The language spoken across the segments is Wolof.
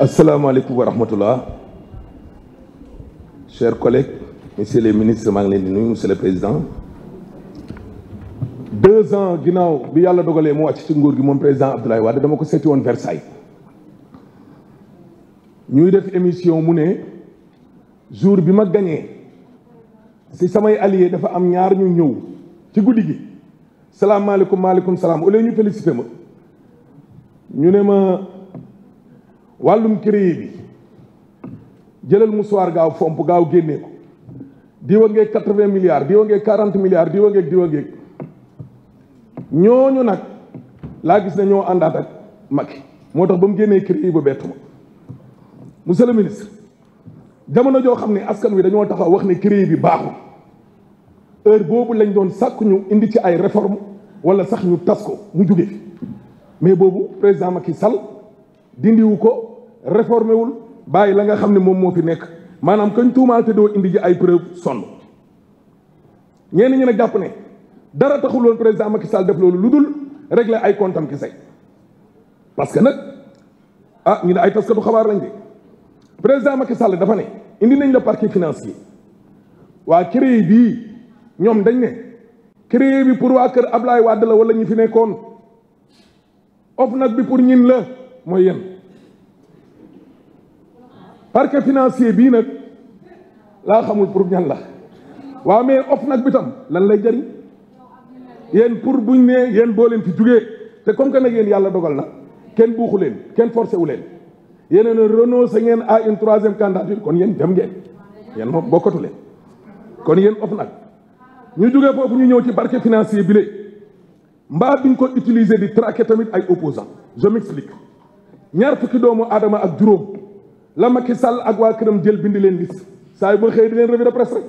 asalaamaaleykum wa rahmatullah chers collègues messieurs les ministres maa ngi leen di nuyu président deux ans ginnaaw bi yàlla dogalee mu wàcc ci nguur gi moom président Abdoulaye Wade dama ko seeti woon Versailles ñuy def émission mu ne jour bi ma gañee si samay alliés dafa am ñaar ñu ñëw ci guddi gi salaamaaleykum maaleykum salaam au lieu ñu ñu ne ma wàllum créer bi jëlal musuwaar gaaw fomp gaaw génnee ko diwa ngeeg quatre-vingts milliards diwa ngeeg quarante milliards diwa ngeeg diwa ngeeg ñooñu nag laa gis ne ñoo àndaat ak Macky moo tax ba mu génnee créer ba bettu ma monsieur ministre jamono joo xam ne askan wi dañoo taxaw wax ne créer bi baaxul heure boobu lañ doon sàkk ñu indi ci ay réforme wala sax ñu tas ko mu jóge fi mais boobu président Macky Sall dindiwu ko réformé wul bàyyi la nga xam ne moom moo fi nekk maanaam kañ tuumaal te doo indi ji ay preuve sonn ñenn ñi ne jàpp ne dara taxul woon président Macky Sall def lu dul régler ay comptes am parce que nag ah ñu ne ay taskatu xabaar lañ président Macky Sall dafa ne indi nañ la parquet financier waa CREI bii ñoom dañ ne CREI pour waa kër Ablaye Wade la wala ñu fi nekkoon OFNAC bi pour ñin la. mooy yéen parquet financier bii nag laa xamul pour ñan la waa mais of nag bi lan lay jëriñ yéen pour buñ ne yéen boo leen fi jugee te comme que nag yéen yàlla dogal na kenn buuxu leen kenn forcé wu leen yéen a renoncé ngeen à une troisième candidature kon yéen dem ngeen yéen moom bokkatu leen kon yéen of nag ñu jugee foofu ñu ñëw ci parquet financier bi le mbaa biñ ko utiliser di traquer tamit ay opposants je m'explique ñaar fukki doomu aadama ak juróom la ki Sall ak waa këram jël bind leen liste saa yu ma xëy di leen revue de presse rek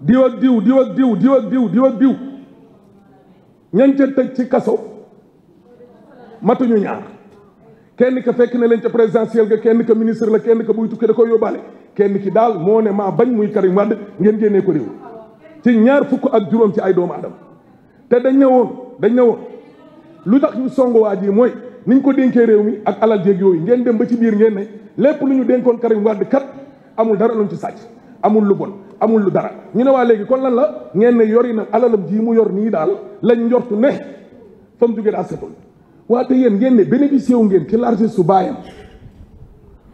diw ak diw diw ak diw diw ak diw diw ak diw ñañ ca tëj ci kaso matuñu ñaar kenn ka fekk na leen ca présidentiel ga kenn ki ministre la kenn ka buy tukki da koy yóbbaale kenn ki daal moo ne maa bañ muy Karim Wade ngeen génnee ko réew ci ñaar fukk ak juróom ci ay doomu adama te dañ ne woon dañ ne woon lu tax ñu songu waa ji mooy niñ ko dénkee réew mi ak alal jéeg yooyu ngeen dem ba ci biir ngeen ne lépp lu ñu dénkoon Karim Wade kat amul dara luñ ci sàcc amul lu bon amul lu dara ñu ne waa léegi kon lan la ngeen ne yori na alalam jii mu yor nii daal lañ njortu ne fa mu jugee daa setul waa te yéen ngeen ne bénéficié wu ngeen ci largesse su baayam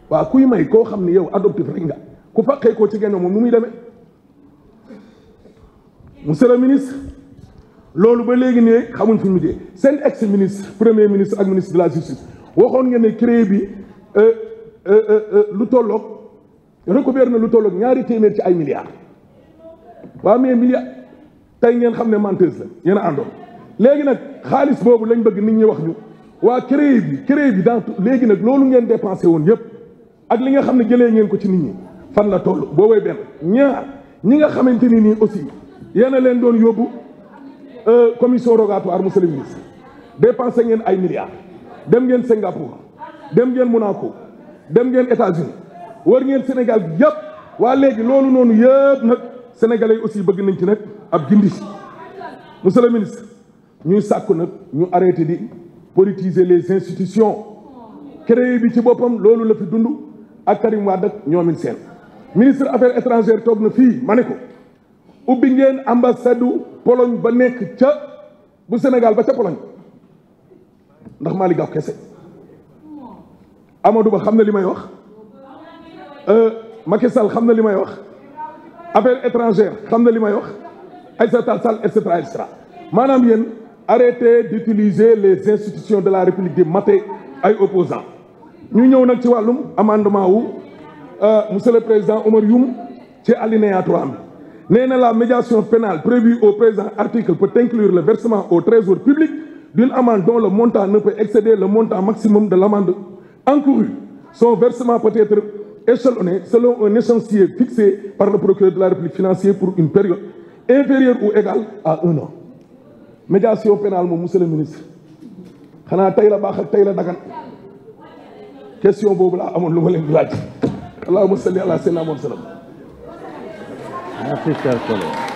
waa kuy may koo xam ne yow adoptif rek nga ku faqee koo ci genn moom nu muy demee monsieur le ministre loolu ba léegi ne xamuñ fi mujjee seen ex ministre premier ministre ak ministre de la justice waxoon ngeen ne CREI bi euh, euh, euh, lu tolloog recouvert na lu tolloog ñaari téeméer ci ay milliards waa mais milliards tey ngeen xam ne menteuse la yéen a léegi nag xaalis boobu lañ bëgg nit ñi wax ñu waa CREI bi CREI bi dans léegi nag loolu ngeen dépensé woon yëpp ak li nga xam ne jëlee ngeen ko ci nit ñi fan la toll boobay benn ñaar ñi nga xamante ni nii aussi yéen leen doon yóbbu Euh, commission rogatoire monsieur le ministre dépensé ngeen ay milliards dem ngeen Singapour dem ngeen Monaco dem ngeen États-Unis war ngeen Sénégal yëpp waa léegi loolu noonu yëpp nag sénégalais aussi bëgg nañ ci nag ab gindi monsieur le ministre ñuy sàkku nag ñu arrêté di politiser les institutions créé bi ci boppam loolu la fi dund ak Karim Wade ak ñoomin seen ministre affaires étrangères toog na fii ma ne ko ubbi ngeen ambassade Pologne ba nekk ca bu Sénégal ba ca Pologne ndax Malick Gakou kese Amadou Ba xam na li may wax euh, Macky Sall xam na li may wax affaire étrangère xam na li may wax Aïssata Tall Sall et cetera maanaam yéen arrêtez d'utiliser les institutions de la République di mater ay opposants ñu ñëw nag ci wàllum amendement wu euh, monsieur le président Oumar Youm ci alinéa 3 nee na la médiation pénale prévue au présent article peut inclure le versement au trésor public d'une amende dont le montant ne peut excéder le montant maximum de l'amende encourue. Son versement peut être échelonné selon un échéancier fixé par le procureur de la République financier pour une période inférieure ou égale à un an. médiation pénale moom monsieur le ministre xanaa tey la baax ak tey la dagan question boobu laa amoon lu ma leen di laaj allahumma salli ala sayyidina Muhammad officer করে